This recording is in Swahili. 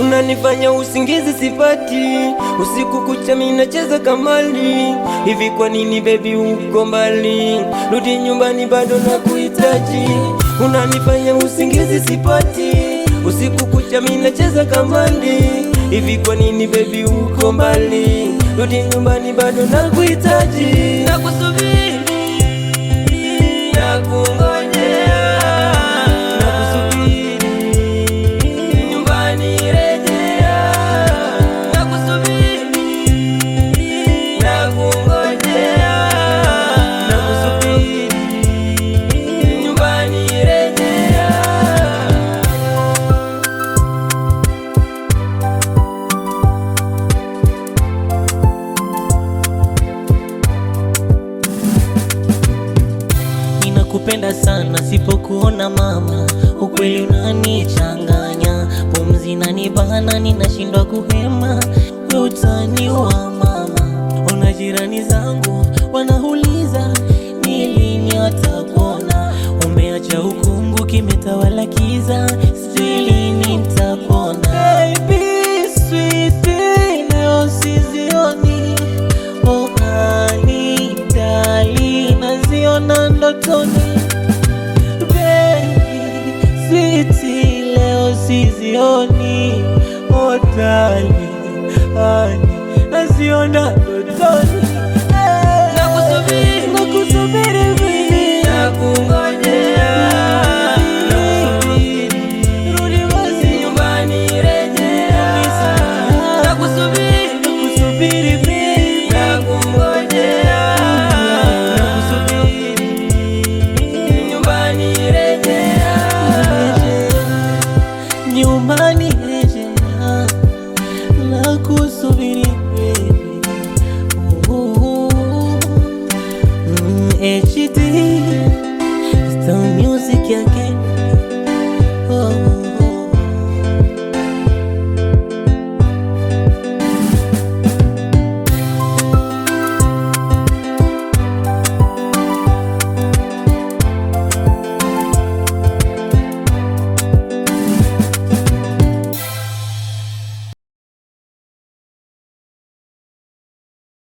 Unanifanya usingizi sipati, usiku kucha mimi nacheza kamali. Hivi kwa nini baby uko mbali? Rudi nyumbani bado nakuhitaji. Unanifanya usingizi sipati, usiku kucha mimi nacheza kamali. Hivi kwa nini baby uko mbali? rudi nyumbani, bado nakuhitaji, nakusubiri Nakupenda sana sipokuona mama, ukweli unanichanganya, pumzi nanibana, ninashindwa kuhema, we utani wa mama. Ona jirani zangu wanahuliza ni lini umeacha ukungu kimetawala kiza, si lini nitakuona sizioni hotali ani naziona Mani